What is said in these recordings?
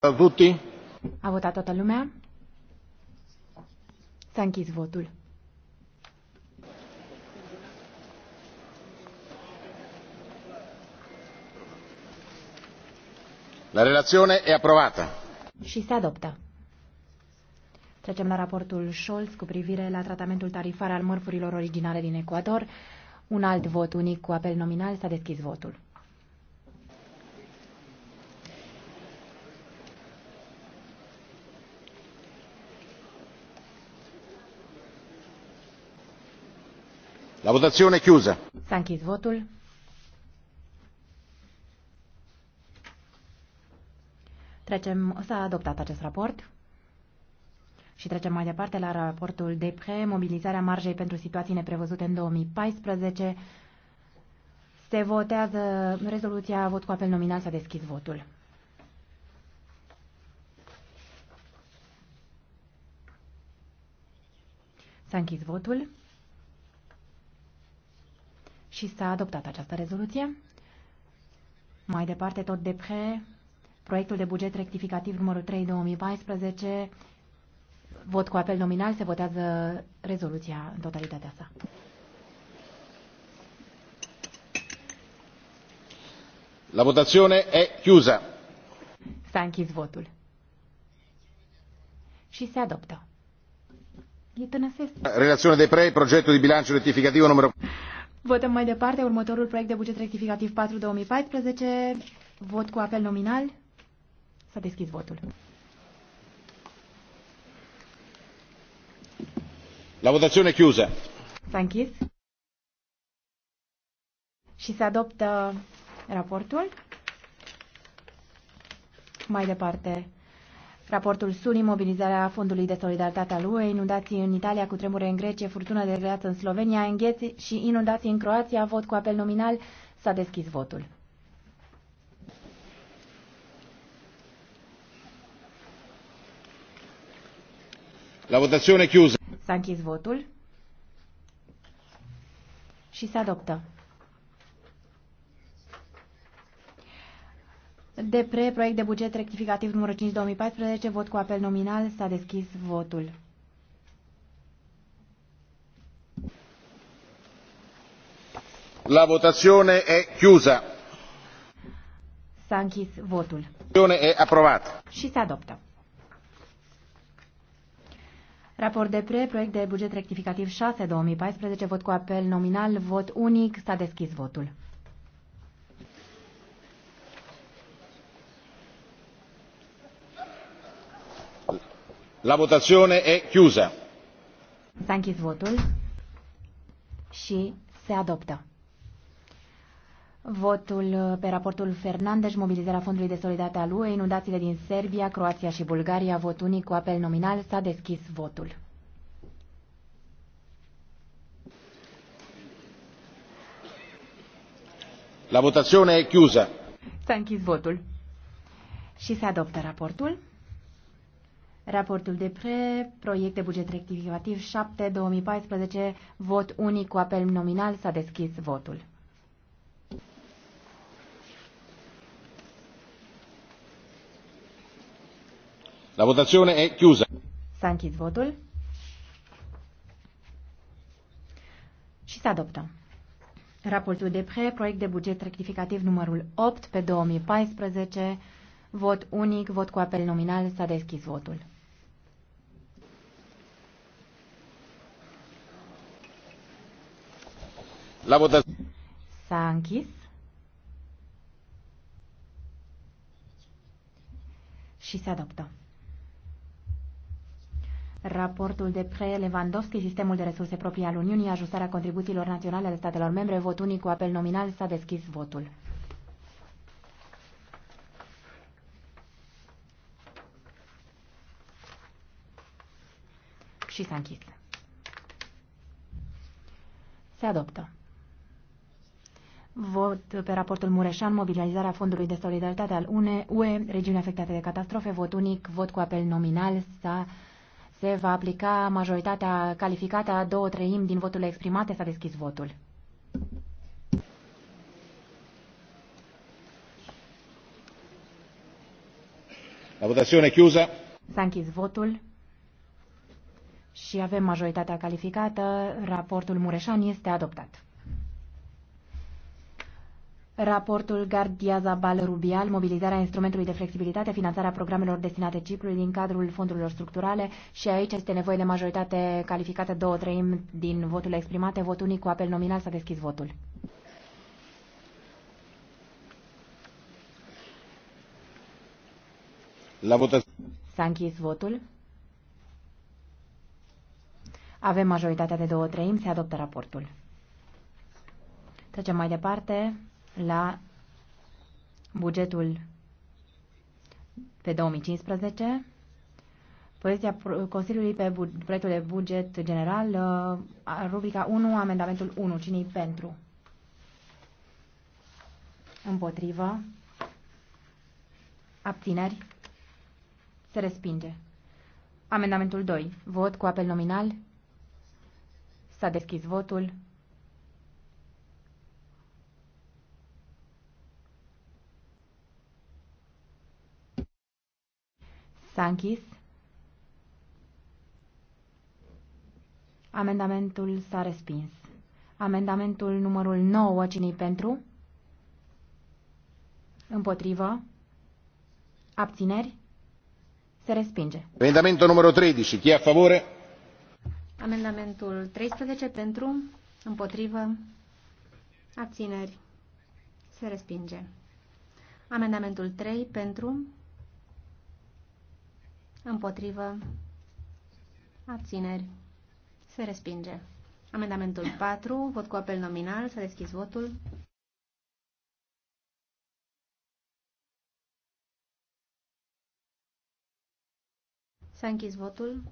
A votat toată lumea? S-a închis votul. La relazione e approvata. Și se adoptă. Trecem la raportul Scholz cu privire la tratamentul tarifar al mărfurilor originale din Ecuador. Un alt vot unic cu apel nominal s-a deschis votul. La votazione chiusa. S-a votul. Trecem, s-a adoptat acest raport. Și trecem mai departe la raportul de pre mobilizarea marjei pentru situații neprevăzute în 2014. Se votează rezoluția, vot cu apel nominal, s-a deschis votul. S-a închis votul și s-a adoptat această rezoluție. Mai departe, tot de pre, proiectul de buget rectificativ numărul 3 2014, vot cu apel nominal, se votează rezoluția în totalitatea sa. La votazione è chiusa. S-a închis votul. Și se adoptă. Relazione de pre, progetto di bilancio rettificativo numero... Votăm mai departe următorul proiect de buget rectificativ 4-2014. Vot cu apel nominal. S-a deschis votul. La votație chiusă. S-a închis. Și se adoptă raportul. Mai departe, Raportul suni mobilizarea Fondului de Solidaritate al UE, inundații în Italia, cu tremure în Grecie, furtună de greață în Slovenia, îngheți și inundații în Croația, vot cu apel nominal, s-a deschis votul. La votazione chiusa. S-a închis votul și se adoptă. Depre, proiect de buget rectificativ numărul 5 2014, vot cu apel nominal, s-a deschis votul. La votazione è chiusa. S-a închis votul. Votazione è aprovat. Și se adoptă. Raport de pre, proiect de buget rectificativ 6 2014, vot cu apel nominal, vot unic, s-a deschis votul. La votazione è chiusa. S-a închis votul și se adoptă. Votul pe raportul Fernandez, mobilizarea Fondului de Solidaritate al UE, inundațiile din Serbia, Croația și Bulgaria, vot unic cu apel nominal, s-a deschis votul. La votazione è chiusa. S-a închis votul. Și se adoptă raportul. Raportul de pre, proiect de buget rectificativ 7, 2014, vot unic cu apel nominal, s-a deschis votul. La votazione e chiusa. S-a închis votul și se adoptă. Raportul de pre, proiect de buget rectificativ numărul 8 pe 2014, vot unic, vot cu apel nominal, s-a deschis votul. La votare. S-a închis. Și se adoptă. Raportul de pre-Lewandowski, sistemul de resurse proprii al Uniunii, ajustarea contribuțiilor naționale ale statelor membre, vot unic cu apel nominal, s-a deschis votul. Și s-a închis. Se adoptă. Vot pe raportul Mureșan, mobilizarea Fondului de Solidaritate al UNE, UE, regiuni afectate de catastrofe, vot unic, vot cu apel nominal, sa, se va aplica majoritatea calificată a două treimi din voturile exprimate, s-a deschis votul. La votazione chiusa. S-a închis votul și avem majoritatea calificată. Raportul Mureșan este adoptat. Raportul Gardia Zabal Rubial, mobilizarea instrumentului de flexibilitate, finanțarea programelor destinate Ciprului din cadrul fondurilor structurale și aici este nevoie de majoritate calificată două treimi din votul exprimate. Vot unic cu apel nominal s-a deschis votul. La votat. S-a închis votul. Avem majoritatea de două treimi, se adoptă raportul. Trecem mai departe la bugetul pe 2015. Poziția Consiliului pe proiectul de buget general, uh, rubrica 1, amendamentul 1. Cine-i pentru? Împotrivă? Abțineri? Se respinge. Amendamentul 2. Vot cu apel nominal. S-a deschis votul. S-a închis. Amendamentul s-a respins. Amendamentul numărul 9, cine pentru? Împotrivă. Abțineri? Se respinge. Amendamentul numărul 13, chi a favore? Amendamentul 13 pentru, împotrivă, abțineri, se respinge. Amendamentul 3 pentru, împotrivă, abțineri, se respinge. Amendamentul 4, vot cu apel nominal, s-a deschis votul. S-a închis votul.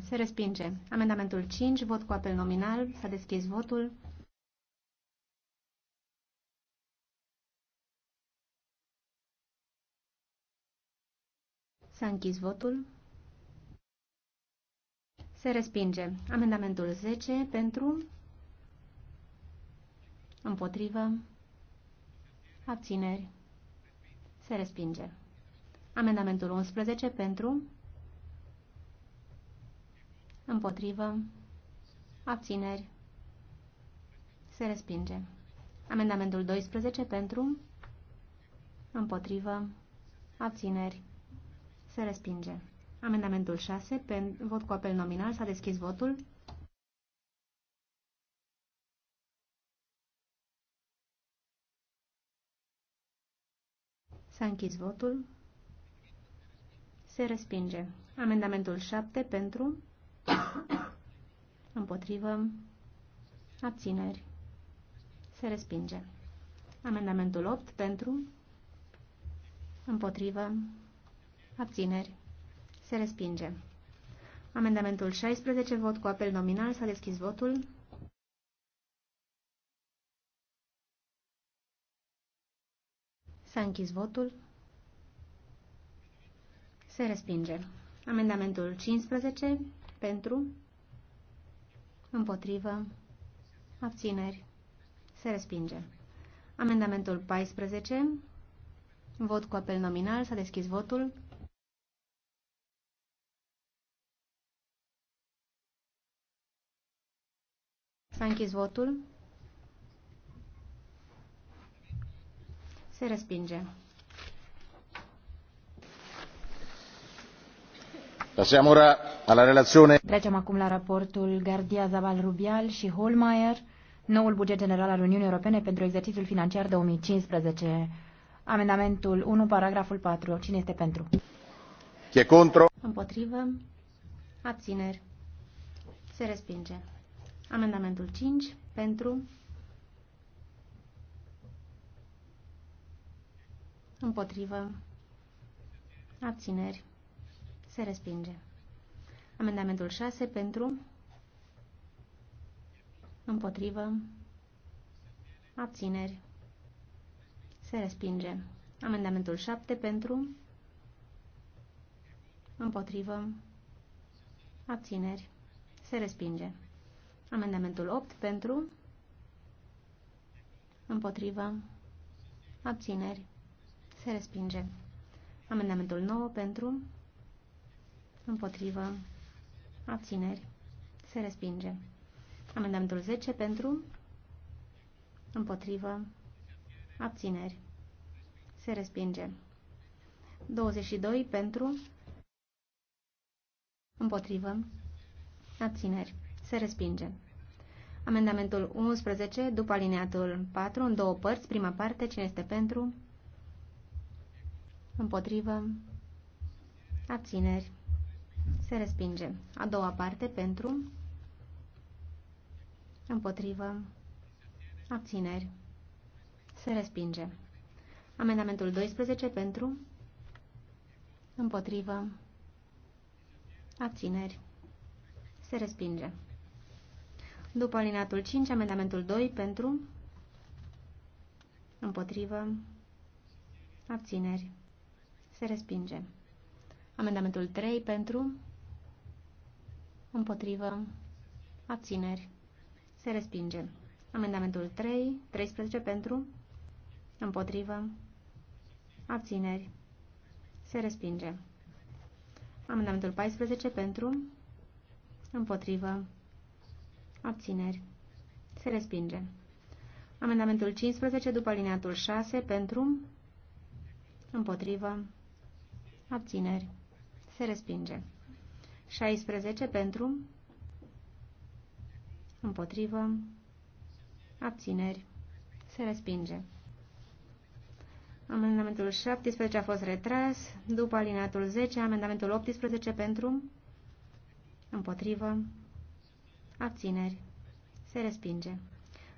Se respinge. Amendamentul 5, vot cu apel nominal, s-a deschis votul. S-a închis votul. Se respinge. Amendamentul 10 pentru, împotrivă, abțineri. Se respinge. Amendamentul 11 pentru, împotrivă, abțineri. Se respinge. Amendamentul 12 pentru, împotrivă, abțineri. Se respinge. Amendamentul 6, pe vot cu apel nominal, s-a deschis votul. S-a închis votul. Se respinge. Amendamentul 7 pentru, împotrivă, abțineri. Se respinge. Amendamentul 8 pentru, împotrivă, Abțineri. Se respinge. Amendamentul 16, vot cu apel nominal, s-a deschis votul. S-a închis votul. Se respinge. Amendamentul 15, pentru, împotrivă, abțineri, se respinge. Amendamentul 14, vot cu apel nominal, s-a deschis votul. S-a închis votul. Se respinge. Passiamo ora alla relazione. Trecem acum la raportul Gardia Zaval Rubial și Holmeier, noul buget general al Uniunii Europene pentru exercițiul financiar 2015. Amendamentul 1, paragraful 4. Cine este pentru? Chi e contro? Împotrivă. Abțineri. Se respinge. Amendamentul 5 pentru împotrivă abțineri se respinge. Amendamentul 6 pentru împotrivă abțineri se respinge. Amendamentul 7 pentru împotrivă abțineri se respinge. Amendamentul 8 pentru, împotrivă, abțineri, se respinge. Amendamentul 9 pentru, împotrivă, abțineri, se respinge. Amendamentul 10 pentru, împotrivă, abțineri, se respinge. 22 pentru, împotrivă, abțineri, se respinge. Amendamentul 11, după alineatul 4, în două părți, prima parte, cine este pentru, împotrivă, abțineri, se respinge. A doua parte, pentru, împotrivă, abțineri, se respinge. Amendamentul 12, pentru, împotrivă, abțineri, se respinge. După alineatul 5, amendamentul 2 pentru, împotrivă, abțineri, se respinge. Amendamentul 3 pentru, împotrivă, abțineri, se respinge. Amendamentul 3, 13 pentru, împotrivă, abțineri, se respinge. Amendamentul 14 pentru, împotrivă, Abțineri. Se respinge. Amendamentul 15 după alineatul 6 pentru, împotrivă, abțineri. Se respinge. 16 pentru, împotrivă, abțineri. Se respinge. Amendamentul 17 a fost retras. După alineatul 10, amendamentul 18 pentru, împotrivă, Abțineri. Se respinge.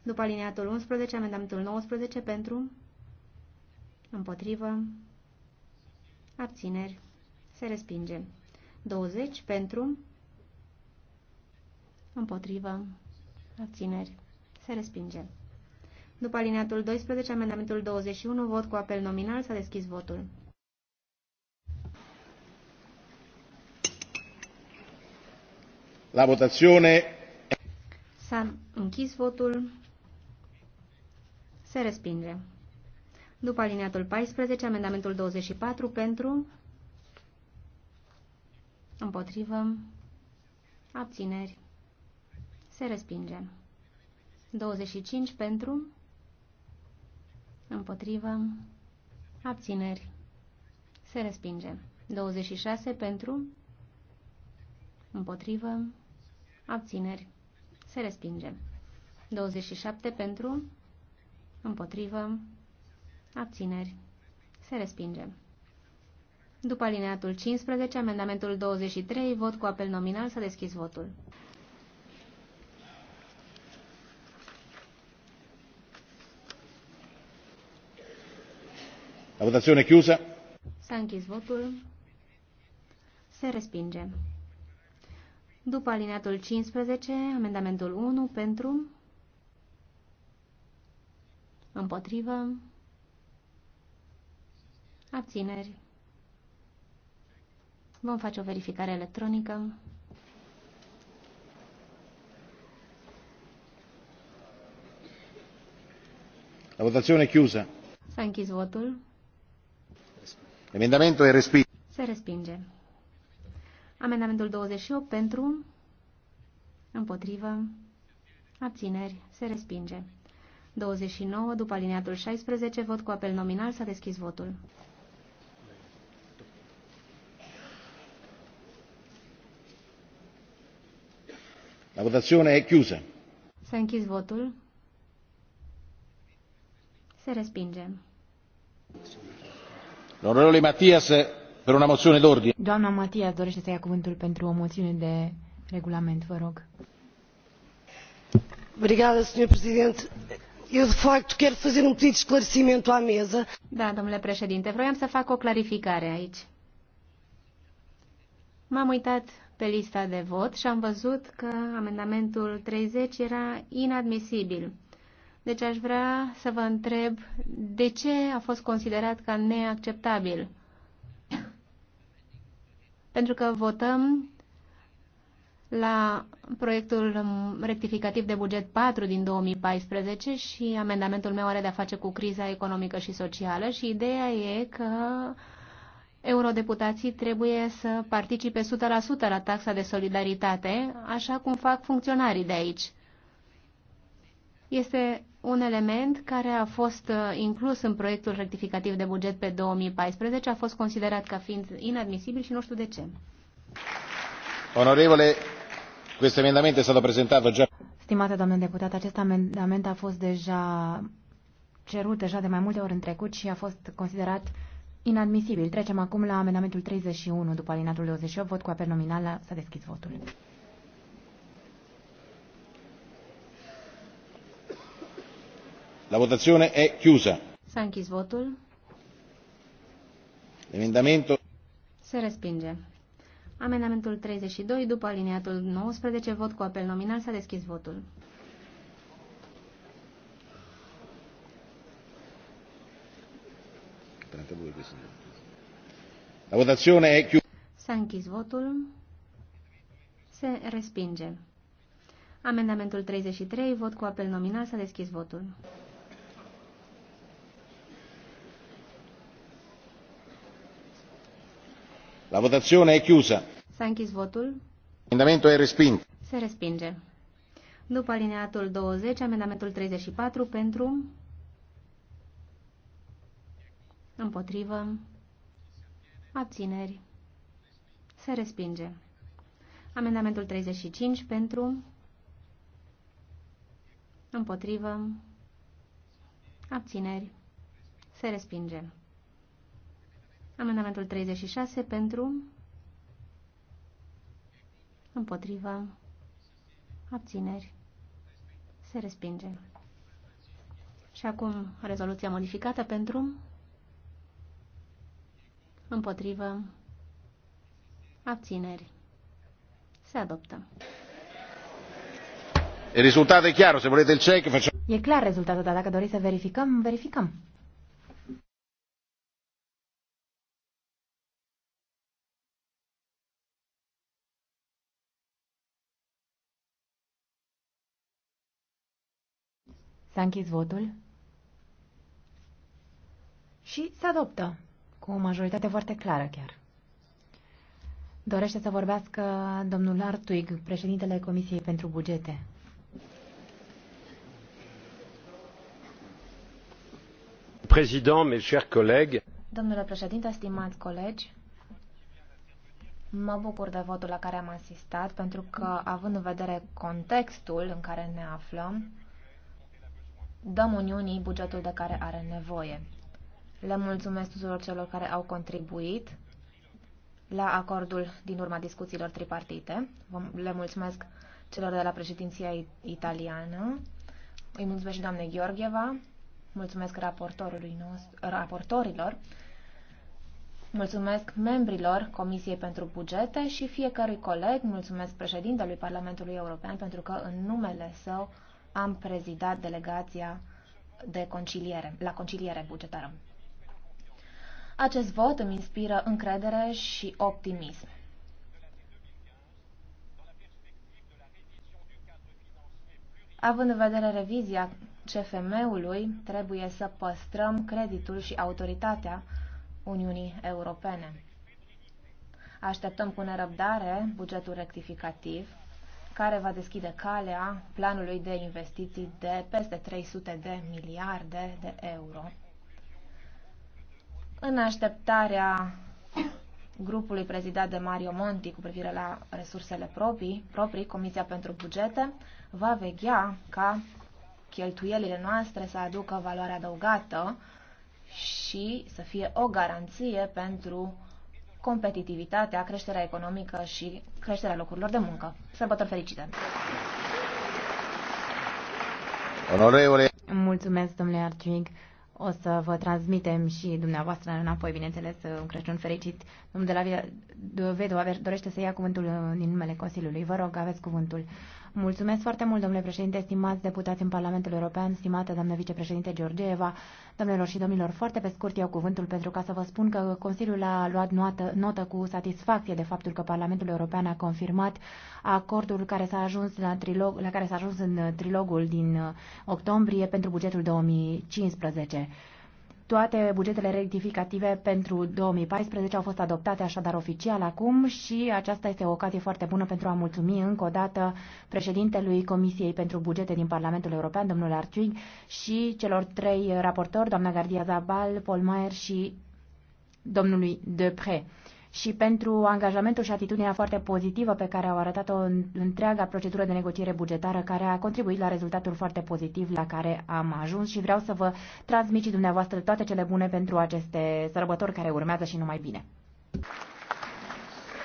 După alineatul 11, amendamentul 19 pentru, împotrivă, abțineri, se respinge. 20 pentru, împotrivă, abțineri, se respinge. După alineatul 12, amendamentul 21, vot cu apel nominal, s-a deschis votul. La votazione S-a închis votul. Se respinge. După alineatul 14, amendamentul 24 pentru, împotrivă, abțineri, se respinge. 25 pentru, împotrivă, abțineri, se respinge. 26 pentru, împotrivă, abțineri, se respinge. 27 pentru, împotrivă, abțineri. Se respinge. După alineatul 15, amendamentul 23, vot cu apel nominal, s-a deschis votul. La votazione chiusa. S-a închis votul. Se respinge. După alineatul 15, amendamentul 1 pentru, împotrivă, abțineri. Vom face o verificare electronică. La votazione chiusa. S-a închis votul. Emendamentul e respins. Se respinge. Amendamentul 28 pentru, împotrivă, abțineri, se respinge. 29 după alineatul 16, vot cu apel nominal, s-a deschis votul. La votazione è chiusa. S-a închis votul. Se respinge. L'onorevole Mattias per una moziune d'ordine. Doamna Matias dorește să ia cuvântul pentru o moțiune de regulament, vă rog. Obrigada, Sr. Presidente. Eu, de facto, quero fazer um pedido de esclarecimento à mesa. Da, domnule președinte, vroiam să fac o clarificare aici. M-am uitat pe lista de vot și am văzut că amendamentul 30 era inadmisibil. Deci aș vrea să vă întreb de ce a fost considerat ca neacceptabil pentru că votăm la proiectul rectificativ de buget 4 din 2014 și amendamentul meu are de-a face cu criza economică și socială și ideea e că eurodeputații trebuie să participe 100% la taxa de solidaritate, așa cum fac funcționarii de aici. Este un element care a fost uh, inclus în proiectul rectificativ de buget pe 2014, a fost considerat ca fiind inadmisibil și nu știu de ce. Onorevole, acest amendament s-a prezentat deja. Stimate doamne deputat, acest amendament a fost deja cerut deja de mai multe ori în trecut și a fost considerat inadmisibil. Trecem acum la amendamentul 31 după alinatul 28. Vot cu apel nominal. S-a deschis votul. La votazione è chiusa. S-a închis Se respinge. Amendamentul 32, după aliniatul 19, vot cu apel nominal, s-a deschis votul. La votazione è chiusa. S-a închis votul. Se respinge. Amendamentul 33, vot cu apel nominal, s-a deschis votul. La votazione è chiusa. S-a votul. Amendamentul e respins. Se respinge. După alineatul 20, amendamentul 34 pentru, împotrivă, abțineri, se respinge. Amendamentul 35 pentru, împotrivă, abțineri, se respinge. Amendamentul 36 pentru, împotriva, abțineri, se respinge. Și acum rezoluția modificată pentru, împotrivă, abțineri, se adoptă. E rezultat e chiar, se volete el check, facciamo... E clar rezultatul, dar dacă doriți să verificăm, verificăm. S-a închis votul și se adoptă, cu o majoritate foarte clară chiar. Dorește să vorbească domnul Artuig, președintele Comisiei pentru Bugete. Président, mes chers collègues. Domnule președinte, stimați colegi, mă bucur de votul la care am asistat, pentru că, având în vedere contextul în care ne aflăm, dăm Uniunii bugetul de care are nevoie. Le mulțumesc tuturor celor care au contribuit la acordul din urma discuțiilor tripartite. Le mulțumesc celor de la președinția italiană. Îi mulțumesc și doamnei Gheorgheva. Mulțumesc raportorului nostru, raportorilor. Mulțumesc membrilor Comisiei pentru Bugete și fiecărui coleg. Mulțumesc președintelui Parlamentului European pentru că în numele său am prezidat delegația de conciliere, la conciliere bugetară. Acest vot îmi inspiră încredere și optimism. Având în vedere revizia CFM-ului, trebuie să păstrăm creditul și autoritatea Uniunii Europene. Așteptăm cu nerăbdare bugetul rectificativ care va deschide calea planului de investiții de peste 300 de miliarde de euro. În așteptarea grupului prezidat de Mario Monti cu privire la resursele proprii, proprii Comisia pentru Bugete va veghea ca cheltuielile noastre să aducă valoare adăugată și să fie o garanție pentru competitivitatea, creșterea economică și creșterea locurilor de muncă. Sărbători fericite! Mulțumesc, domnule Arcig. O să vă transmitem și dumneavoastră înapoi, bineînțeles, un Crăciun fericit. Domnul de la Vedo dorește să ia cuvântul din numele Consiliului. Vă rog, aveți cuvântul. Mulțumesc foarte mult, domnule președinte, stimați deputați în Parlamentul European, stimată doamnă vicepreședinte Georgieva, domnilor și domnilor, foarte pe scurt iau cuvântul pentru ca să vă spun că Consiliul a luat notă, notă cu satisfacție de faptul că Parlamentul European a confirmat acordul care s-a ajuns la, trilog, la care s-a ajuns în trilogul din octombrie pentru bugetul 2015. Toate bugetele rectificative pentru 2014 au fost adoptate așadar oficial acum și aceasta este o ocazie foarte bună pentru a mulțumi încă o dată președintelui Comisiei pentru Bugete din Parlamentul European, domnul Arciug, și celor trei raportori, doamna Gardia Zabal, Paul Maier și domnului Depre și pentru angajamentul și atitudinea foarte pozitivă pe care au arătat-o în întreaga procedură de negociere bugetară, care a contribuit la rezultatul foarte pozitiv la care am ajuns și vreau să vă transmit și dumneavoastră toate cele bune pentru aceste sărbători care urmează și numai bine.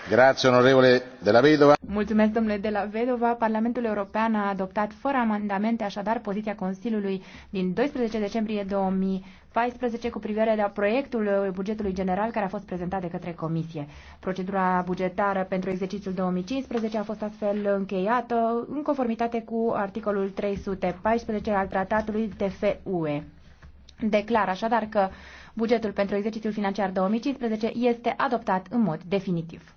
Grazie, onorevole de la Vedova. Mulțumesc, domnule de la Vedova. Parlamentul European a adoptat fără amendamente, așadar, poziția Consiliului din 12 decembrie 2000. 14 cu privire la proiectul bugetului general care a fost prezentat de către Comisie. Procedura bugetară pentru exercițiul 2015 a fost astfel încheiată în conformitate cu articolul 314 al tratatului TFUE. Declar așadar că bugetul pentru exercițiul financiar 2015 este adoptat în mod definitiv.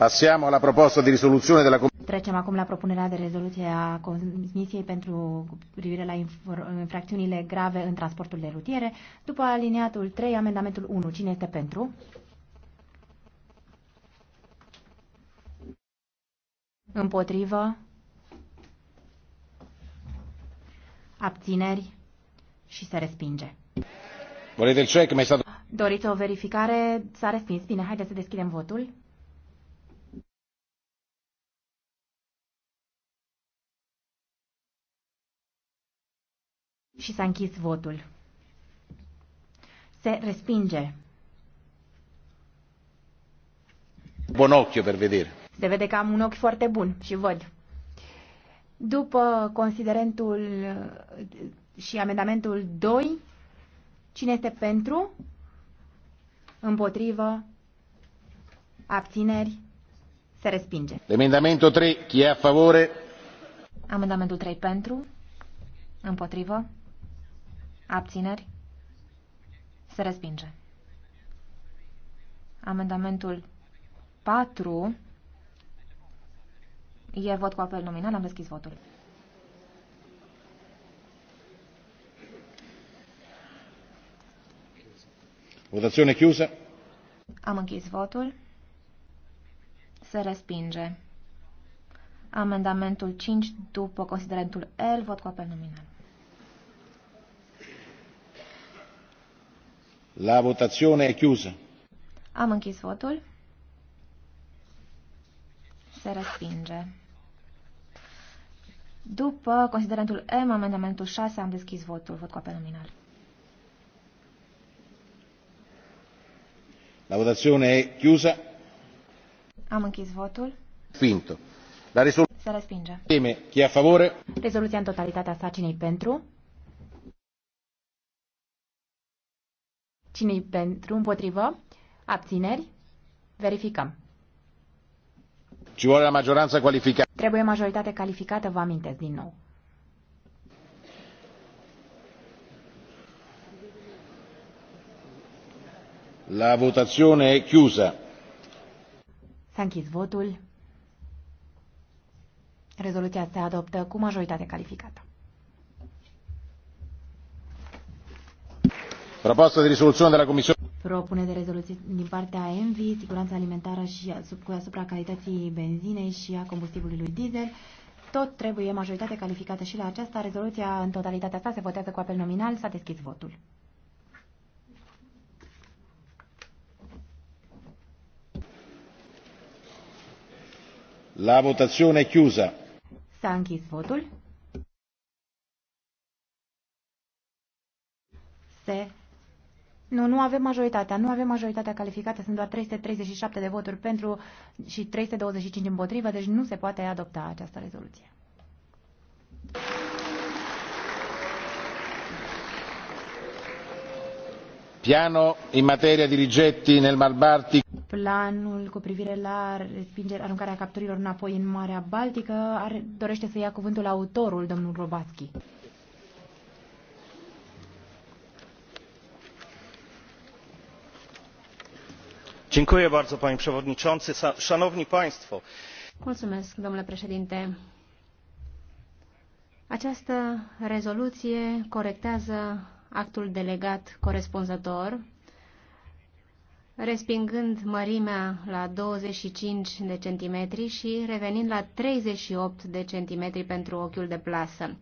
Passiamo alla proposta di risoluzione della Commissione. Trecem acum la propunerea de rezoluție a Comisiei pentru privire la infracțiunile grave în transportul de rutiere. După aliniatul 3, amendamentul 1. Cine este pentru? Împotrivă? Abțineri? Și se respinge. Doriți o verificare? S-a respins. Bine, haideți să deschidem votul. Și s-a închis votul. Se respinge. Bun ochi per vedere. Se vede că am un ochi foarte bun și văd. După considerentul uh, și amendamentul 2, cine este pentru? Împotrivă? Abțineri? Se respinge. Amendamentul 3, chi e a favore? Amendamentul 3 pentru? Împotrivă? Abțineri? Se respinge. Amendamentul 4 e vot cu apel nominal. Am deschis votul. Votazione chiusă. Am închis votul. Se respinge. Amendamentul 5 după considerentul L, vot cu apel nominal. La votazione è chiusa. Am închis votul. Se respinge. După considerentul M, amendamentul 6, am deschis votul. Vot cu apel nominal. La votazione è chiusa. Am închis votul. Finto. La risoluzione. Se respinge. Teme. Chi è a favore? Rezoluția în totalitatea sacinei pentru? cine pentru? Împotrivă? Abțineri? Verificăm. Ci vuole la maggioranza calificată. Trebuie majoritate calificată, vă amintesc din nou. La votazione è chiusa. S-a închis votul. Rezoluția se adoptă cu majoritate calificată. Proposta de rezoluție de la Comisie. Propune de rezoluție din partea ENVI, siguranța alimentară și asupra calității benzinei și a combustibilului diesel. Tot trebuie majoritate calificată și la aceasta. Rezoluția în totalitatea sa se votează cu apel nominal. S-a deschis votul. La votazione chiusa. S-a închis votul. Se nu, nu avem majoritatea. Nu avem majoritatea calificată. Sunt doar 337 de voturi pentru și 325 împotrivă, deci nu se poate adopta această rezoluție. Piano în materia de rigetti nel Mar Baltic. Planul cu privire la respingerea aruncarea capturilor înapoi în Marea Baltică are, dorește să ia cuvântul autorul, domnul Robatski. domnule președinte această rezoluție corectează actul delegat corespunzător respingând mărimea la 25 de centimetri și revenind la 38 de centimetri pentru ochiul de plasă.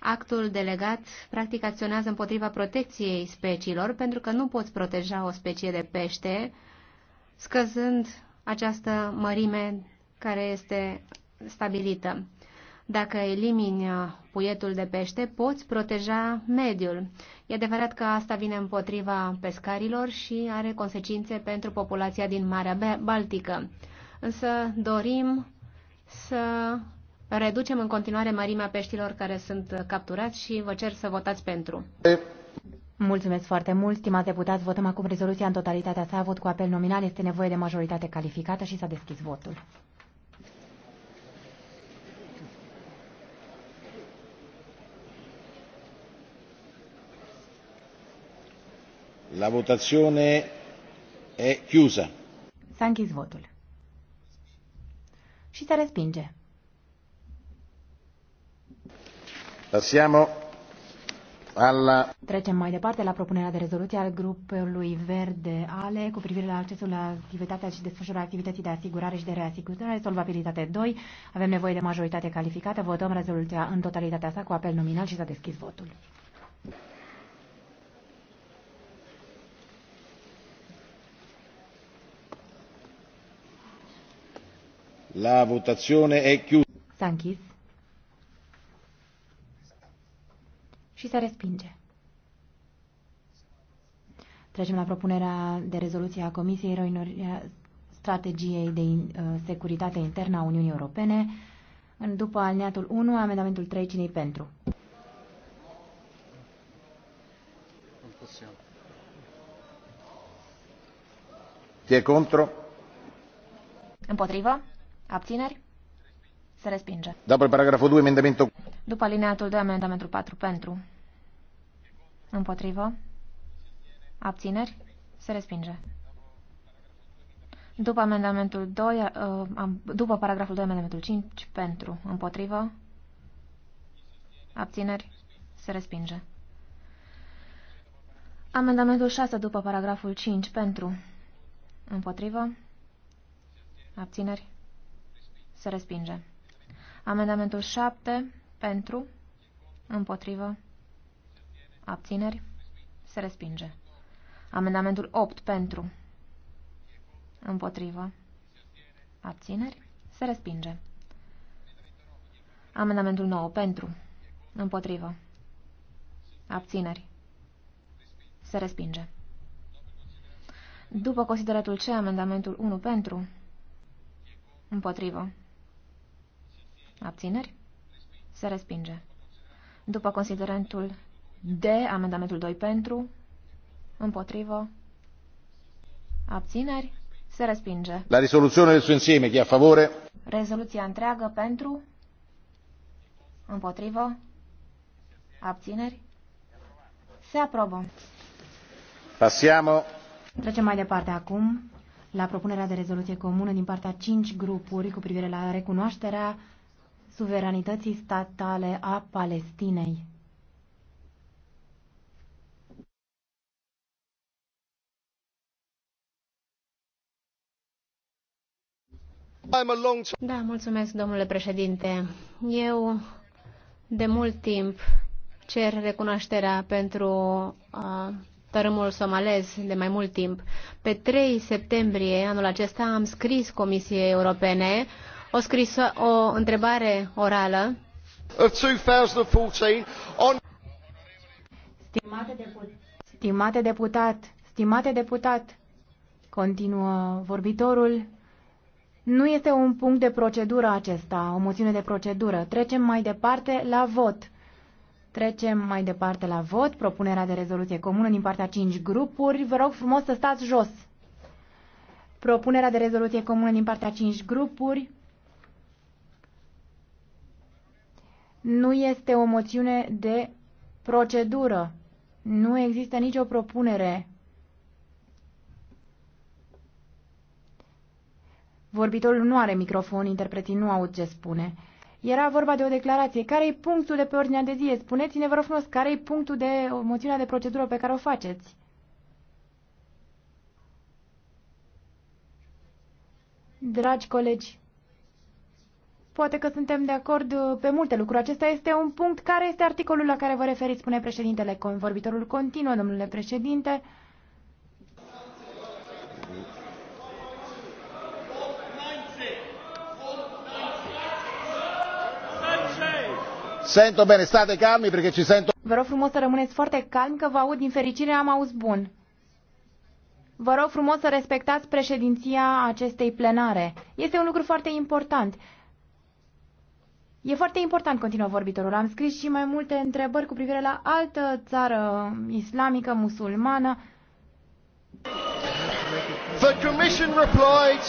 Actul delegat practic acționează împotriva protecției speciilor pentru că nu poți proteja o specie de pește scăzând această mărime care este stabilită. Dacă elimini puietul de pește, poți proteja mediul. E adevărat că asta vine împotriva pescarilor și are consecințe pentru populația din Marea Baltică. Însă dorim să reducem în continuare mărimea peștilor care sunt capturați și vă cer să votați pentru. Mulțumesc foarte mult, stimați deputați. Votăm acum rezoluția în totalitatea sa. Vot cu apel nominal. Este nevoie de majoritate calificată și s-a deschis votul. La votazione è chiusa. S-a închis votul. Și se respinge. Passiamo alla... Trecem mai departe la propunerea de rezoluție al grupului Verde Ale cu privire la accesul la activitatea și desfășurarea activității de asigurare și de reasigurare, solvabilitate 2. Avem nevoie de majoritate calificată. Votăm rezoluția în totalitatea sa cu apel nominal și s-a deschis votul. La votazione è chiusa. S-a închis. și se respinge. Trecem la propunerea de rezoluție a Comisiei Roinoria Strategiei de uh, Securitate Internă a Uniunii Europene. În după alineatul 1, amendamentul 3, cine pentru? Chi e contro? Împotrivă? Abțineri? Se respinge. După da, paragraful 2, amendamentul... După alineatul 2, amendamentul 4, pentru. Împotrivă. Abțineri. Se respinge. După amendamentul 2, uh, după paragraful 2, amendamentul 5, pentru, împotrivă, abțineri, se respinge. Amendamentul 6, după paragraful 5, pentru, împotrivă, abțineri, se respinge. Amendamentul 7, pentru, împotrivă, Abțineri? Se respinge. Amendamentul 8 pentru. Împotrivă. Abțineri? Se respinge. Amendamentul 9 pentru. Împotrivă. Abțineri. Se respinge. După consideratul C, amendamentul 1 pentru. Împotrivă. Abțineri? Se respinge. După considerentul D, amendamentul 2 pentru, împotrivă, abțineri, se respinge. La risoluzione del suo insieme, chi a favore? Rezoluția întreagă pentru, împotrivă, abțineri, se aprobă. Passiamo. Trecem mai departe acum la propunerea de rezoluție comună din partea cinci grupuri cu privire la recunoașterea suveranității statale a Palestinei. Da, mulțumesc, domnule președinte. Eu de mult timp cer recunoașterea pentru uh, tărâmul somalez de mai mult timp. Pe 3 septembrie anul acesta am scris Comisiei Europene o, scris, o întrebare orală. Of 2014 on... Stimate, Stimate deputat, stimate deputat, continuă vorbitorul, nu este un punct de procedură acesta, o moțiune de procedură. Trecem mai departe la vot. Trecem mai departe la vot. Propunerea de rezoluție comună din partea 5 grupuri. Vă rog frumos să stați jos. Propunerea de rezoluție comună din partea 5 grupuri nu este o moțiune de procedură. Nu există nicio propunere Vorbitorul nu are microfon, interpretii nu aud ce spune. Era vorba de o declarație. Care e punctul de pe ordinea de zi? Spuneți-ne, vă rog frumos, care e punctul de moțiunea de procedură pe care o faceți? Dragi colegi, poate că suntem de acord uh, pe multe lucruri. Acesta este un punct. Care este articolul la care vă referiți, spune președintele? Vorbitorul continuă, domnule președinte. Sento bene, state calmi perché ci sento... Vă rog frumos să rămâneți foarte calmi că vă aud, din fericire am auz bun. Vă rog frumos să respectați președinția acestei plenare. Este un lucru foarte important. E foarte important, continuă vorbitorul. Am scris și mai multe întrebări cu privire la altă țară islamică, musulmană. The commission replied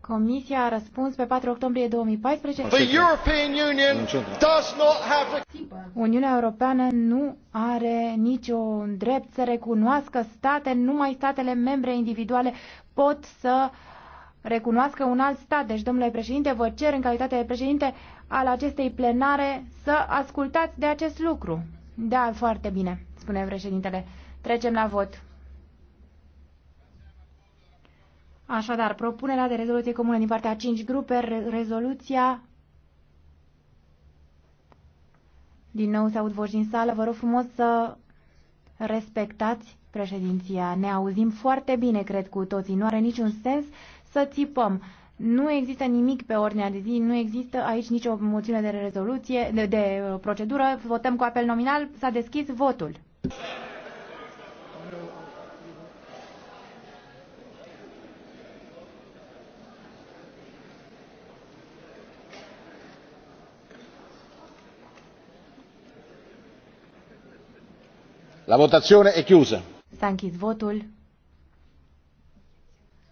Comisia a răspuns pe 4 octombrie 2014. The European Union does not have Uniunea Europeană nu are niciun drept să recunoască state, numai statele membre individuale pot să recunoască un alt stat. Deci, domnule președinte, vă cer în calitate de președinte al acestei plenare să ascultați de acest lucru. Da, foarte bine, spune președintele. Trecem la vot. Așadar, propunerea de rezoluție comună din partea a 5 grupe, rezoluția... Din nou se aud voci din sală, vă rog frumos să respectați președinția. Ne auzim foarte bine, cred, cu toții. Nu are niciun sens să țipăm. Nu există nimic pe ordinea de zi, nu există aici nicio moțiune de rezoluție, de, de procedură. Votăm cu apel nominal. S-a deschis votul. La votazione è chiusa. S-a votul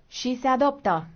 și se adoptă.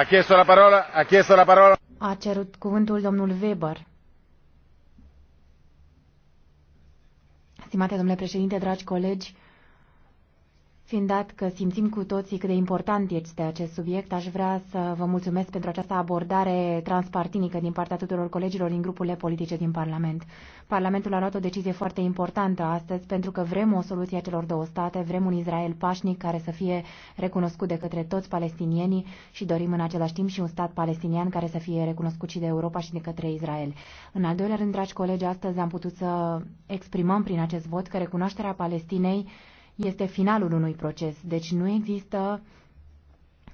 A chiesto la parola, a chiesto la parola. A cerut cuvântul domnul Weber. Stimate domnule președinte, dragi colegi, Fiind dat că simțim cu toții cât de important este acest subiect, aș vrea să vă mulțumesc pentru această abordare transpartinică din partea tuturor colegilor din grupurile politice din Parlament. Parlamentul a luat o decizie foarte importantă astăzi pentru că vrem o soluție a celor două state, vrem un Israel pașnic care să fie recunoscut de către toți palestinienii și dorim în același timp și un stat palestinian care să fie recunoscut și de Europa și de către Israel. În al doilea rând, dragi colegi, astăzi am putut să exprimăm prin acest vot că recunoașterea Palestinei este finalul unui proces, deci nu există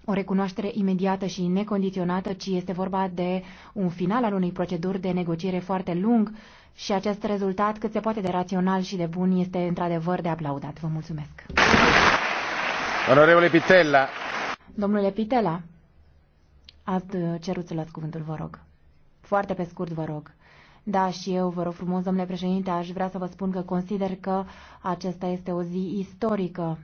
o recunoaștere imediată și necondiționată, ci este vorba de un final al unei proceduri de negociere foarte lung și acest rezultat, cât se poate de rațional și de bun, este într-adevăr de aplaudat. Vă mulțumesc! Onorevole Pitella! Domnule Pitella, ați cerut să luați cuvântul, vă rog. Foarte pe scurt, vă rog. Da, și eu vă rog frumos, domnule președinte, aș vrea să vă spun că consider că acesta este o zi istorică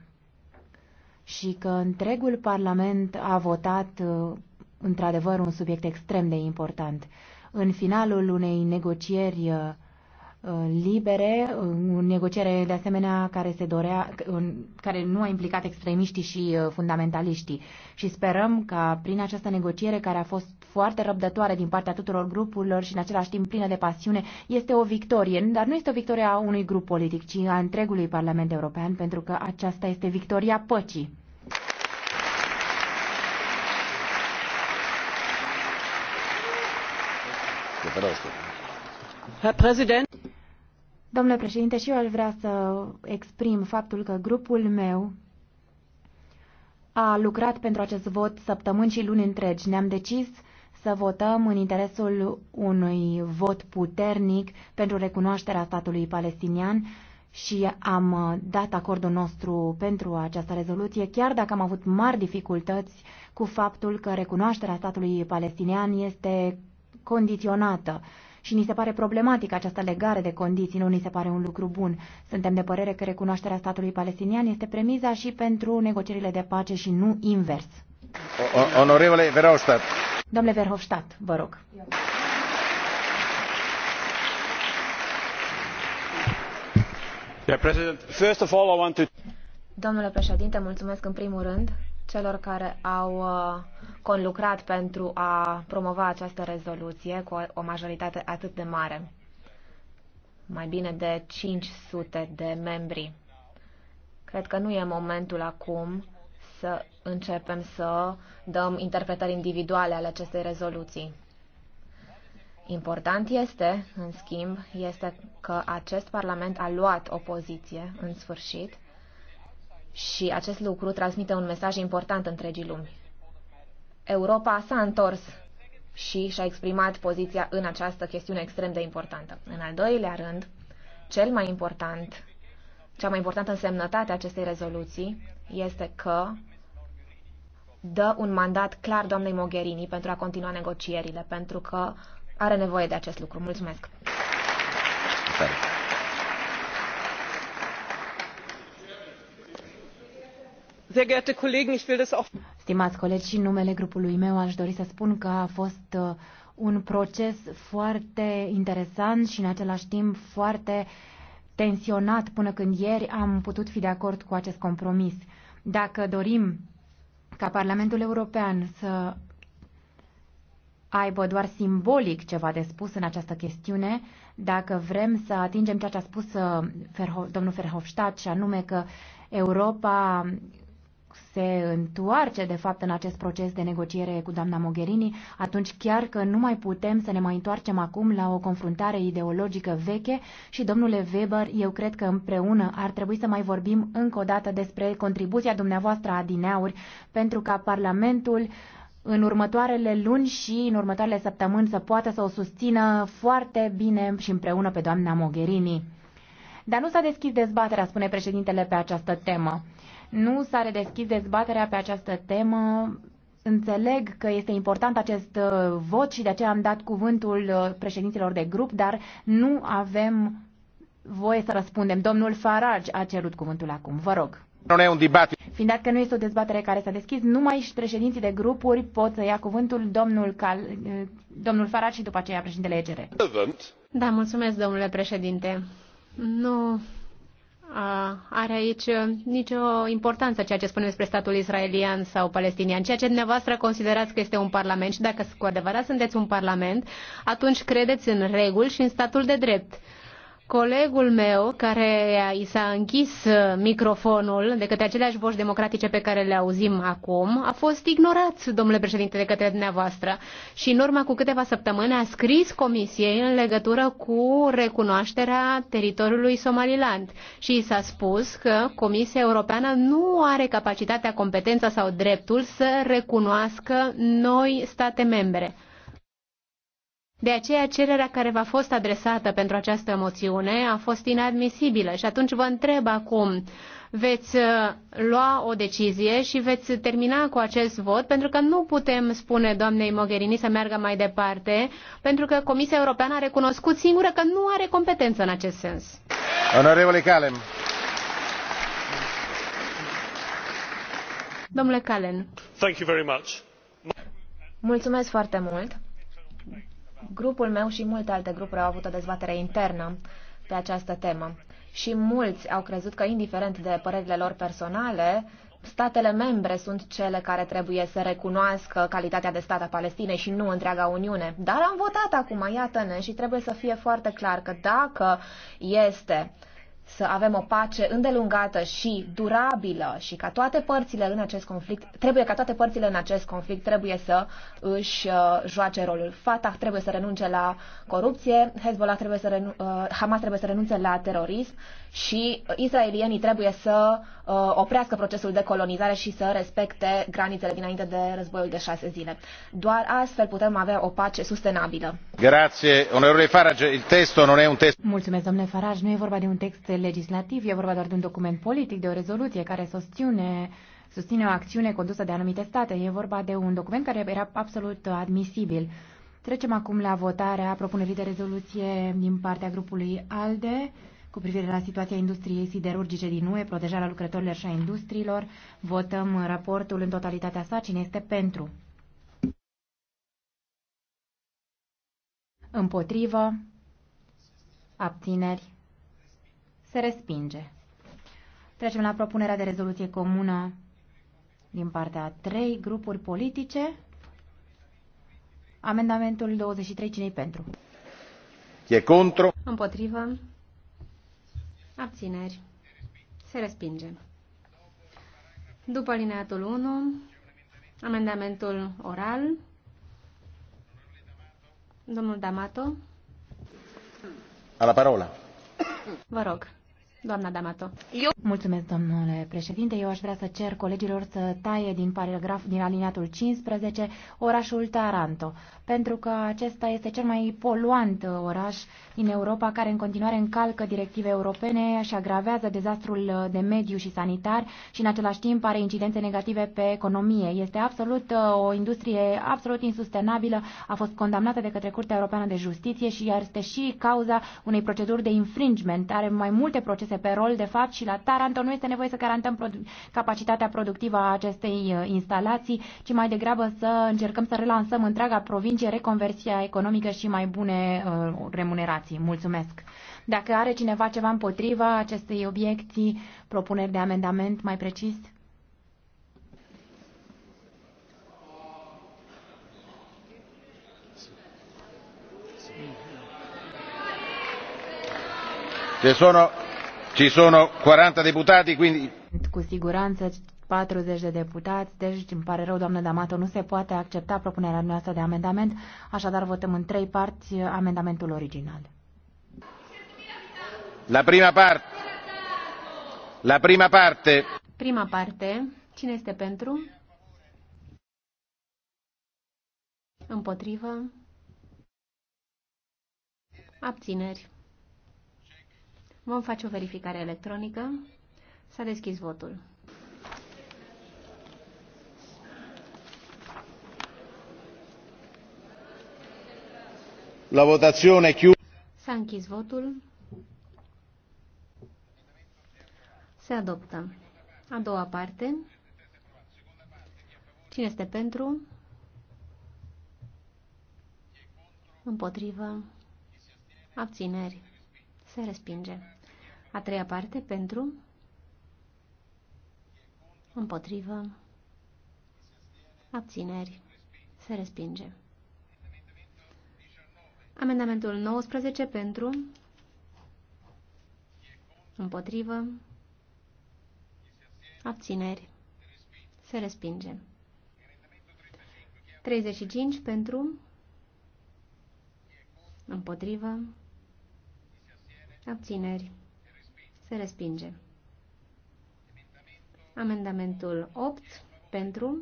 și că întregul Parlament a votat uh, într-adevăr un subiect extrem de important. În finalul unei negocieri uh, libere, o negociere de asemenea care se dorea, care nu a implicat extremiștii și uh, fundamentaliștii. Și sperăm ca prin această negociere care a fost foarte răbdătoare din partea tuturor grupurilor și în același timp plină de pasiune, este o victorie, dar nu este o victorie a unui grup politic, ci a întregului Parlament European, pentru că aceasta este victoria păcii. Herr Präsident! Domnule președinte, și eu aș vrea să exprim faptul că grupul meu a lucrat pentru acest vot săptămâni și luni întregi. Ne-am decis să votăm în interesul unui vot puternic pentru recunoașterea statului palestinian și am dat acordul nostru pentru această rezoluție, chiar dacă am avut mari dificultăți cu faptul că recunoașterea statului palestinian este condiționată și ni se pare problematică această legare de condiții, nu ni se pare un lucru bun. Suntem de părere că recunoașterea statului palestinian este premiza și pentru negocierile de pace și nu invers. onorevole Verhofstadt. Domnule Verhofstadt, vă rog. Domnule președinte, mulțumesc în primul rând celor care au uh, conlucrat pentru a promova această rezoluție cu o majoritate atât de mare, mai bine de 500 de membri. Cred că nu e momentul acum să începem să dăm interpretări individuale ale acestei rezoluții. Important este, în schimb, este că acest Parlament a luat o poziție în sfârșit și acest lucru transmite un mesaj important întregii lumi. Europa s-a întors și și-a exprimat poziția în această chestiune extrem de importantă. În al doilea rând, cel mai important, cea mai importantă însemnătate a acestei rezoluții este că dă un mandat clar doamnei Mogherini pentru a continua negocierile, pentru că are nevoie de acest lucru. Mulțumesc! Thank you. Stimați colegi, și în numele grupului meu aș dori să spun că a fost uh, un proces foarte interesant și în același timp foarte tensionat până când ieri am putut fi de acord cu acest compromis. Dacă dorim ca Parlamentul European să aibă doar simbolic ceva de spus în această chestiune, dacă vrem să atingem ceea ce a spus uh, domnul Verhofstadt, și anume că Europa se întoarce, de fapt, în acest proces de negociere cu doamna Mogherini, atunci chiar că nu mai putem să ne mai întoarcem acum la o confruntare ideologică veche și, domnule Weber, eu cred că împreună ar trebui să mai vorbim încă o dată despre contribuția dumneavoastră a dineauri pentru ca Parlamentul în următoarele luni și în următoarele săptămâni să poată să o susțină foarte bine și împreună pe doamna Mogherini. Dar nu s-a deschis dezbaterea, spune președintele, pe această temă. Nu s-a redeschis dezbaterea pe această temă. Înțeleg că este important acest uh, vot și de aceea am dat cuvântul uh, președinților de grup, dar nu avem voie să răspundem. Domnul Farage a cerut cuvântul acum. Vă rog. Nu e un debat. Fiind dat că nu este o dezbatere care s-a deschis, numai și președinții de grupuri pot să ia cuvântul domnul, Cal, uh, domnul Farage și după aceea președintele EGR. Da, mulțumesc, domnule președinte. Nu are aici uh, nicio importanță ceea ce spune despre statul israelian sau palestinian. Ceea ce dumneavoastră considerați că este un parlament și dacă cu adevărat sunteți un parlament, atunci credeți în reguli și în statul de drept. Colegul meu, care i s-a închis uh, microfonul de către aceleași voci democratice pe care le auzim acum, a fost ignorat, domnule președinte, de către dumneavoastră. Și în urma cu câteva săptămâni a scris comisiei în legătură cu recunoașterea teritoriului Somaliland. Și i s-a spus că Comisia Europeană nu are capacitatea, competența sau dreptul să recunoască noi state membre. De aceea cererea care v-a fost adresată pentru această moțiune a fost inadmisibilă și atunci vă întreb acum, veți uh, lua o decizie și veți termina cu acest vot, pentru că nu putem spune doamnei Mogherini să meargă mai departe, pentru că Comisia Europeană a recunoscut singură că nu are competență în acest sens. Onorevole Calen. Domnule Calen. Mulțumesc foarte mult. Grupul meu și multe alte grupuri au avut o dezbatere internă pe această temă și mulți au crezut că, indiferent de părerile lor personale, statele membre sunt cele care trebuie să recunoască calitatea de stat a Palestinei și nu întreaga Uniune. Dar am votat acum, iată-ne, și trebuie să fie foarte clar că dacă este uh, să avem o pace îndelungată și durabilă și ca toate părțile în acest conflict, trebuie ca toate părțile în acest conflict trebuie să își uh, joace rolul. Fatah trebuie să renunțe la corupție, Hezbollah trebuie să renu- uh, Hamas trebuie să renunțe la terorism și israelienii trebuie să uh, oprească procesul de colonizare și să respecte granițele dinainte de războiul de șase zile. Doar astfel putem avea o pace sustenabilă. Grazie, onorevole Farage. Il testo non è un test. Mulțumesc, domnule Farage. Nu e vorba de un text legislativ, e vorba doar de un document politic, de o rezoluție care susține, susține o acțiune condusă de anumite state. E vorba de un document care era absolut admisibil. Trecem acum la votarea propunerii de rezoluție din partea grupului ALDE cu privire la situația industriei siderurgice din UE, protejarea lucrătorilor și a industriilor. Votăm raportul în totalitatea sa. Cine este pentru? Împotrivă? Abțineri? Se respinge. Trecem la propunerea de rezoluție comună din partea a trei grupuri politice. Amendamentul 23, cine pentru? E contro. Împotrivă. Abțineri. Se respinge. După alineatul 1, amendamentul oral. Domnul D'Amato. A la parola. Vă rog. Doamna D'Amato. Eu... Mulțumesc, domnule președinte. Eu aș vrea să cer colegilor să taie din paragraf din aliniatul 15 orașul Taranto, pentru că acesta este cel mai poluant uh, oraș din Europa, care în continuare încalcă directive europene și agravează dezastrul uh, de mediu și sanitar și în același timp are incidențe negative pe economie. Este absolut uh, o industrie absolut insustenabilă, a fost condamnată de către Curtea Europeană de Justiție și este și cauza unei proceduri de infringement. Are mai multe procese puse pe rol, de fapt, și la Taranto nu este nevoie să garantăm produ- capacitatea productivă a acestei uh, instalații, ci mai degrabă să încercăm să relansăm întreaga provincie, reconversia economică și mai bune uh, remunerații. Mulțumesc! Dacă are cineva ceva împotriva acestei obiecții, propuneri de amendament mai precis? ci sono ci sono 40 deputati, quindi... Cu siguranță 40 de deputați, deci îmi pare rău, doamnă Damato, nu se poate accepta propunerea noastră de amendament, așadar votăm în trei parți amendamentul original. La prima parte. La prima parte. Prima parte. Cine este pentru? Împotrivă. Abțineri. Vom face o verificare electronică. S-a deschis votul. La votazione chiusa. S-a închis votul. Se adoptă. A doua parte. Cine este pentru? Împotrivă. Abțineri se respinge. A treia parte pentru, împotrivă, abțineri, se respinge. Amendamentul 19 pentru, împotrivă, abțineri, se respinge. 35 pentru, împotrivă, Abțineri. Se respinge. Amendamentul 8 pentru.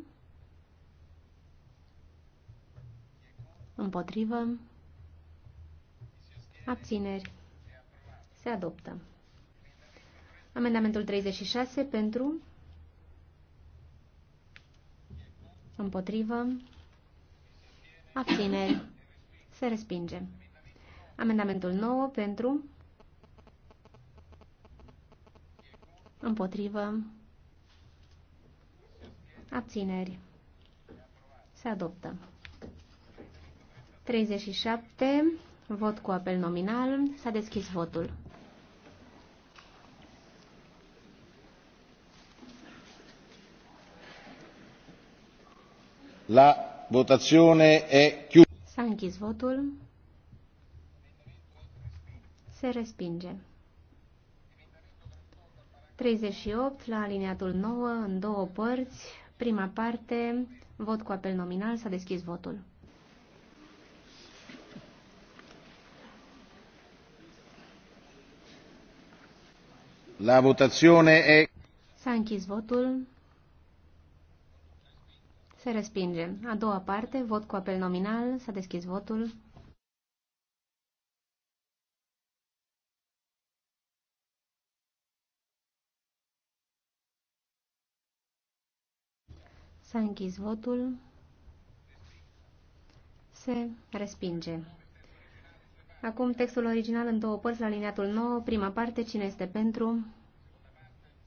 Împotrivă. Abțineri. Se adoptă. Amendamentul 36 pentru. Împotrivă. Abțineri. Se respinge. Amendamentul 9 pentru. Împotrivă. Abțineri. Se adoptă. 37. Vot cu apel nominal. S-a deschis votul. La votazione è chiusa. S-a închis votul. Se respinge. 38 la alineatul 9 în două părți. Prima parte, vot cu apel nominal, s-a deschis votul. La votazione e S-a închis votul. Se respinge. A doua parte, vot cu apel nominal, s-a deschis votul. S-a închis votul. Se respinge. Acum textul original în două părți la liniatul 9, prima parte, cine este pentru?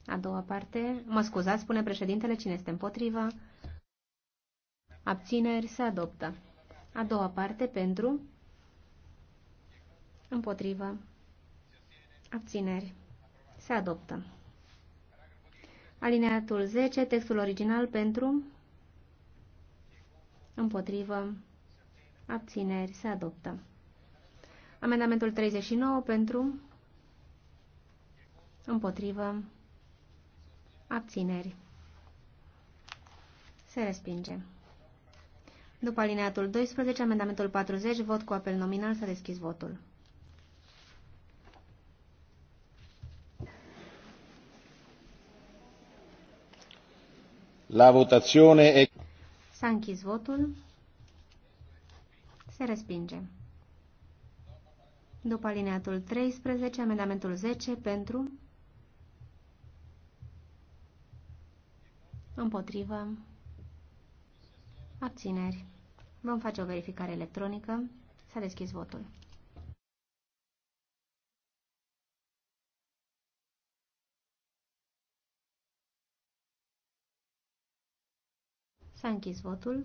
A doua parte, mă scuzați, spune președintele, cine este împotriva? Abțineri, se adoptă. A doua parte, pentru? Împotrivă. Abțineri, se adoptă. Alineatul 10, textul original pentru? împotrivă, abțineri, se adoptă. Amendamentul 39 pentru, împotrivă, abțineri, se respinge. După alineatul 12, amendamentul 40, vot cu apel nominal, s-a deschis votul. La votazione è... S-a închis votul. Se respinge. După alineatul 13, amendamentul 10 pentru, împotrivă, abțineri. Vom face o verificare electronică. S-a deschis votul. S-a închis votul.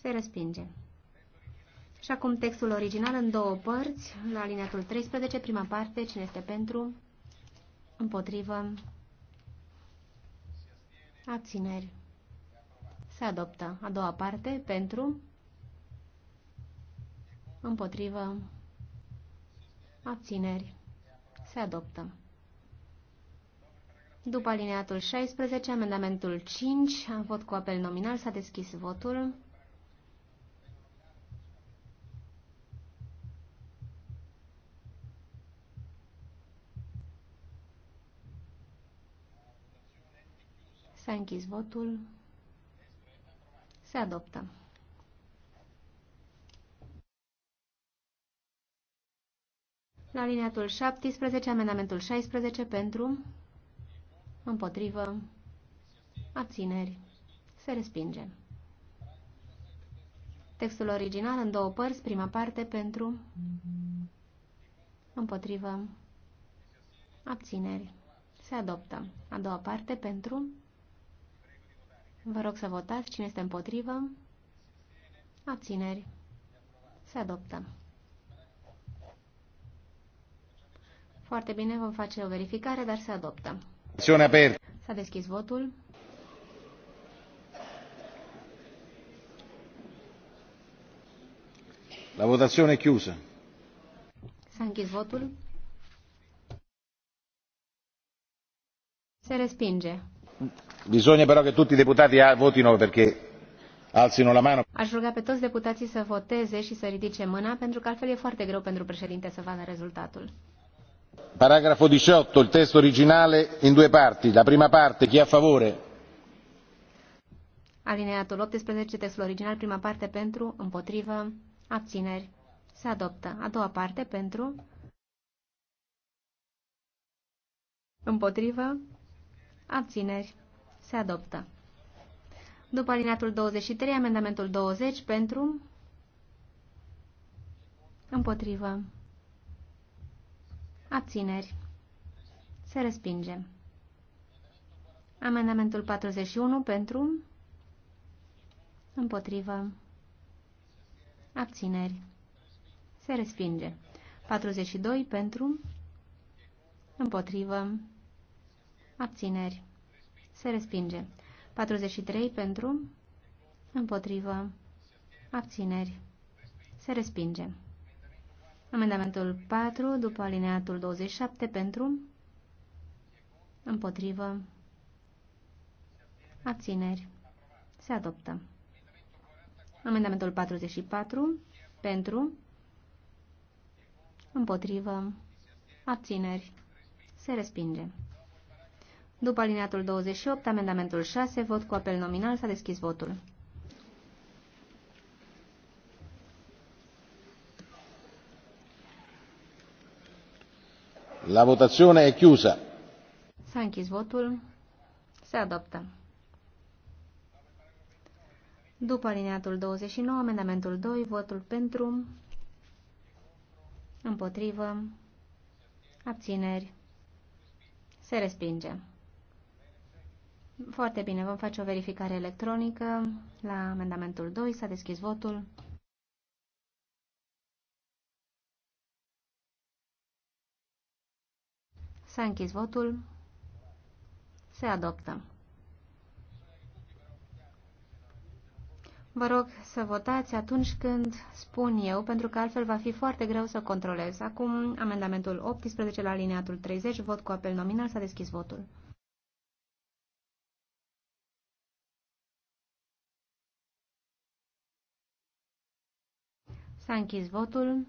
Se respinge. Și acum textul original în două părți, la alineatul 13, prima parte, cine este pentru, împotrivă, abțineri. Se adoptă. A doua parte, pentru, împotrivă, abțineri. Se adoptă. După alineatul 16, amendamentul 5, am vot cu apel nominal, s-a deschis votul. S-a închis votul. Se adoptă. La alineatul 17, amendamentul 16 pentru împotrivă, abțineri, se respinge. Textul original în două părți, prima parte pentru, împotrivă, abțineri, se adoptă. A doua parte pentru, vă rog să votați cine este împotrivă, abțineri, se adoptă. Foarte bine, vom face o verificare, dar se adoptă. S-a deschis votul. La votazione chiusa. S-a închis votul. Se respinge. Bisogna però che tutti i deputati ah, votino perché alzino la mano. Aș ruga pe toți deputații să voteze și să ridice mâna, pentru că altfel e foarte greu pentru președinte să vadă rezultatul paragrafo diciotto il testo originale in due parti la prima parte chi è a favore? alineatul 18 textul original prima parte pentru împotrivă abțineri se adoptă a doua parte pentru împotrivă abțineri se adoptă după alineatul 23 amendamentul 20 pentru împotrivă Abțineri. Se respinge. Amendamentul 41 pentru. Împotrivă. Abțineri. Se respinge. 42 pentru. Împotrivă. Abțineri. Se respinge. 43 pentru. Împotrivă. Abțineri. Se respinge. Amendamentul 4, după alineatul 27, pentru, împotrivă, abțineri, se adoptă. Amendamentul 44, pentru, împotrivă, abțineri, se respinge. După alineatul 28, amendamentul 6, vot cu apel nominal, s-a deschis votul. La votazione è chiusa. S-a închis votul. Se adoptă. După alineatul 29, amendamentul 2, votul pentru, împotrivă, abțineri, se respinge. Foarte bine, vom face o verificare electronică la amendamentul 2, s-a deschis votul. S-a închis votul. Se adoptă. Vă rog să votați atunci când spun eu, pentru că altfel va fi foarte greu să controlez. Acum, amendamentul 18 la alineatul 30, vot cu apel nominal, s-a deschis votul. S-a închis votul.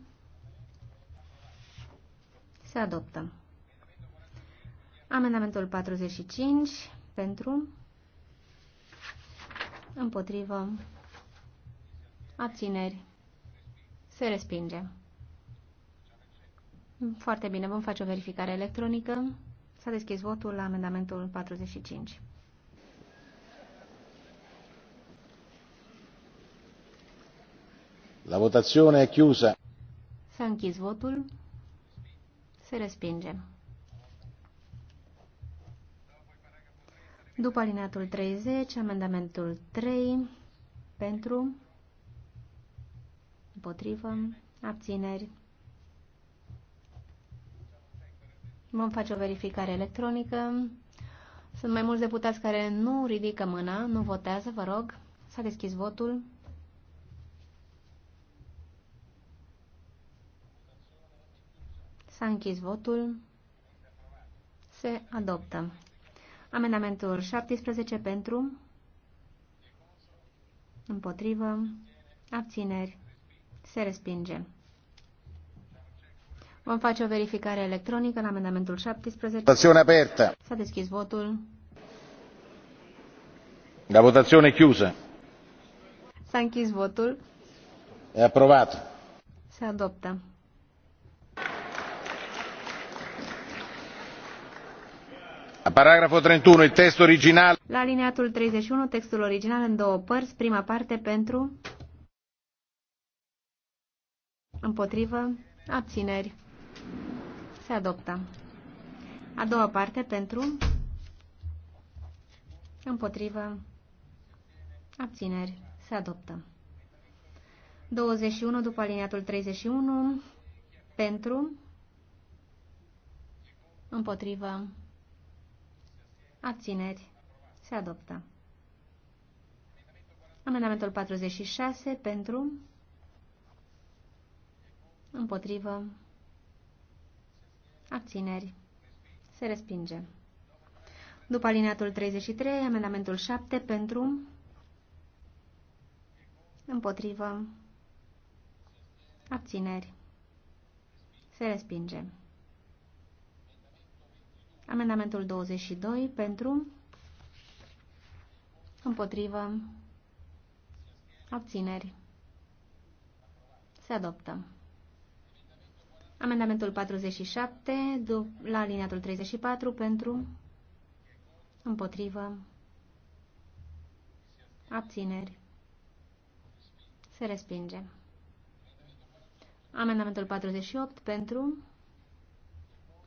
Se adoptă. Amendamentul 45 pentru, împotrivă, abțineri, se respinge. Foarte bine, vom face o verificare electronică. S-a deschis votul la amendamentul 45. La votazione è chiusa. S-a închis votul. Se respinge. După alineatul 30, amendamentul 3 pentru, împotrivă, abțineri. Vom face o verificare electronică. Sunt mai mulți deputați care nu ridică mâna, nu votează, vă rog. S-a deschis votul. S-a închis votul. Se adoptă. Amendamentul 17 pentru, împotrivă, abțineri, se respinge. Vom face o verificare electronică la amendamentul 17. Votazione aperta. S-a deschis votul. La votazione chiusa. S-a închis votul. E aprobat. Se adoptă. Paragraful 31, text original. La lineatul 31, textul original în două părți, prima parte pentru, împotrivă, abțineri. Se adoptă. A doua parte pentru, împotrivă, abțineri. Se adoptă. 21 după aliniatul 31 pentru împotrivă Abțineri. Se adoptă. Amendamentul 46 pentru, împotrivă, abțineri, se respinge. După alineatul 33, amendamentul 7 pentru, împotrivă, abțineri, se respinge. Amendamentul 22 pentru, împotrivă, abțineri, se adoptă. Amendamentul 47 la alineatul 34 pentru, împotrivă, abțineri, se respinge. Amendamentul 48 pentru,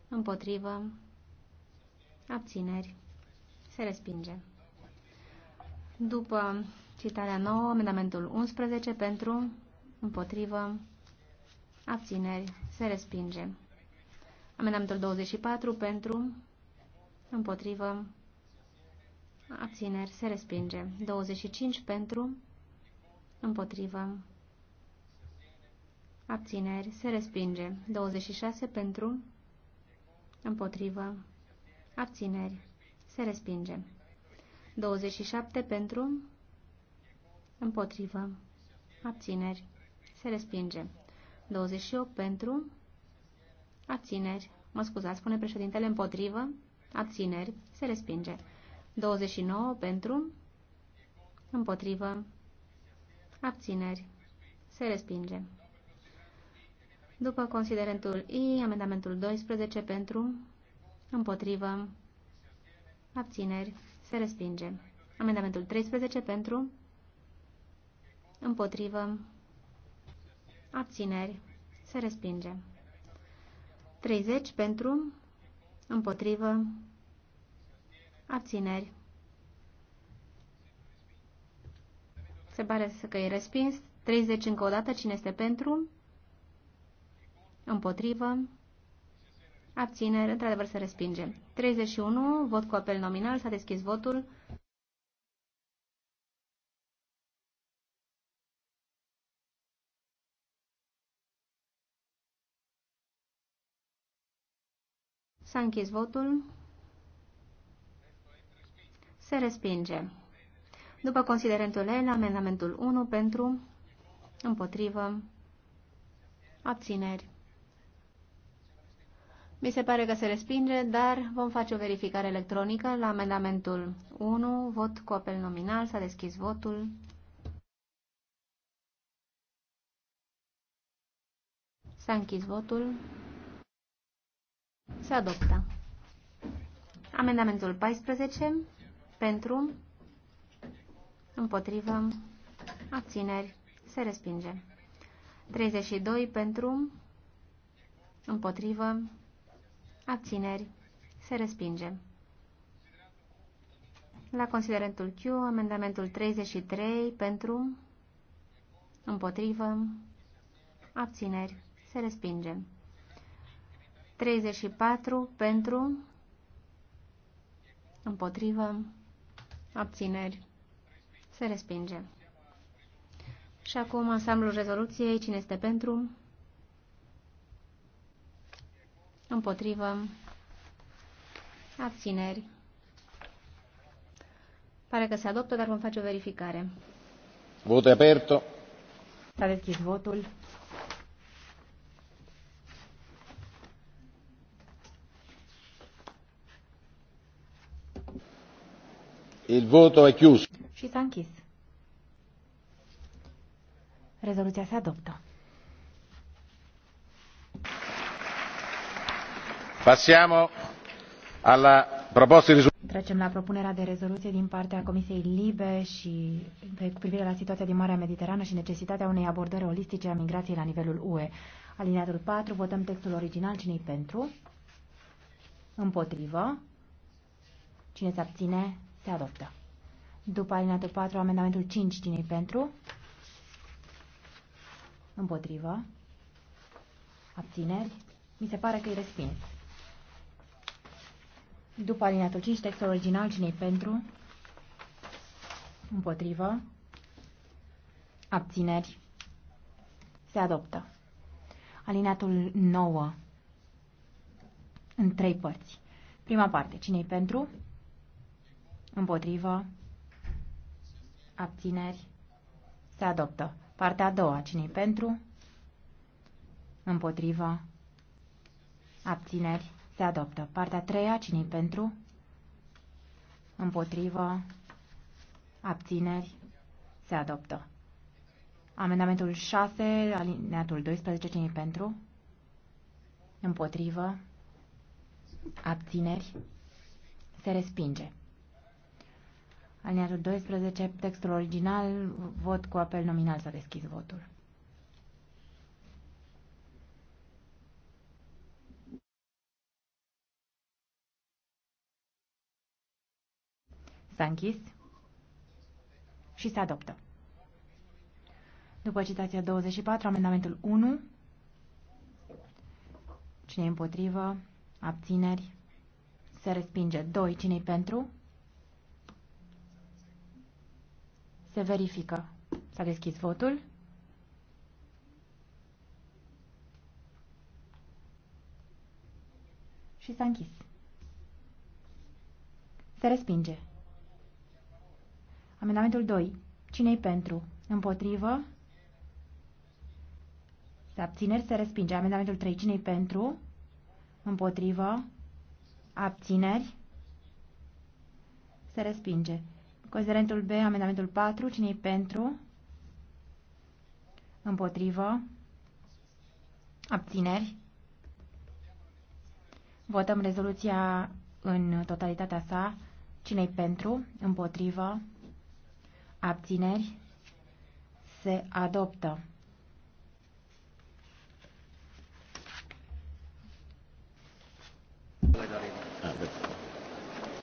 împotrivă, Abțineri. Se respinge. După citarea 9, amendamentul 11 pentru, împotrivă, abțineri, se respinge. Amendamentul 24 pentru, împotrivă, abțineri, se respinge. 25 pentru, împotrivă, abțineri, se respinge. 26 pentru, împotrivă, Abțineri. Se respinge. 27 pentru. Împotrivă. Abțineri. Se respinge. 28 pentru. Abțineri. Mă scuzați, spune președintele împotrivă. Abțineri. Se respinge. 29 pentru. Împotrivă. Abțineri. Se respinge. După considerentul I, amendamentul 12 pentru împotrivă, abțineri, se respinge. Amendamentul 13 pentru, împotrivă, abțineri, se respinge. 30 pentru, împotrivă, abțineri. Se pare că e respins. 30 încă o dată, cine este pentru, împotrivă, Abțineri, într-adevăr se respinge. 31, vot cu apel nominal, s-a deschis votul. S-a închis votul. Se respinge. După considerentul L, amendamentul 1 pentru, împotrivă, abțineri. Mi se pare că se respinge, dar vom face o verificare electronică la amendamentul 1, vot cu apel nominal, s-a deschis votul. S-a închis votul. Se adoptă. Amendamentul 14 pentru, împotrivă, abțineri, se respinge. 32 pentru, împotrivă, Abțineri. Se respinge. La considerentul Q, amendamentul 33 pentru, împotrivă, abțineri, se respinge. 34 pentru, împotrivă, abțineri, se respinge. Și acum ansamblul rezoluției, cine este pentru, împotrivă, abțineri. Pare că se adoptă, dar vom face o verificare. Vot aperto. S-a deschis votul. Il voto è chiuso. Și s-a închis. Rezoluția se adoptă. Trecem la propunerea de rezoluție din partea Comisiei Libe și cu privire la situația din Marea Mediterană și necesitatea unei abordări olistice a migrației la nivelul UE. Alineatul 4, votăm textul original. Cine-i pentru? Împotrivă? Cine se abține? Se adoptă. După alineatul 4, amendamentul 5, cine pentru? Împotrivă. Abțineri. Mi se pare că e respins. După alineatul 5, textul original, cine pentru? Împotrivă. Abțineri. Se adoptă. Alineatul 9. În trei părți. Prima parte. cine pentru? Împotrivă. Abțineri. Se adoptă. Partea a doua. cine pentru? Împotrivă. Abțineri. Se adoptă. Partea a treia, cine pentru? Împotrivă. Abțineri. Se adoptă. Amendamentul 6, alineatul 12, cine pentru? Împotrivă. Abțineri. Se respinge. Alineatul 12, textul original, vot cu apel nominal s-a deschis votul. S-a închis și se adoptă. După citația 24, amendamentul 1. Cine împotrivă? Abțineri? Se respinge. 2. cine e pentru? Se verifică. S-a deschis votul. Și s-a închis. Se respinge. Amendamentul 2. Cine-i pentru? Împotrivă? Se abțineri se respinge. Amendamentul 3. Cine-i pentru? Împotrivă? Abțineri? Se respinge. Considerentul B, amendamentul 4. Cine-i pentru? Împotrivă? Abțineri? Votăm rezoluția în totalitatea sa. Cine-i pentru? Împotrivă? abțineri, se adoptă. Legare.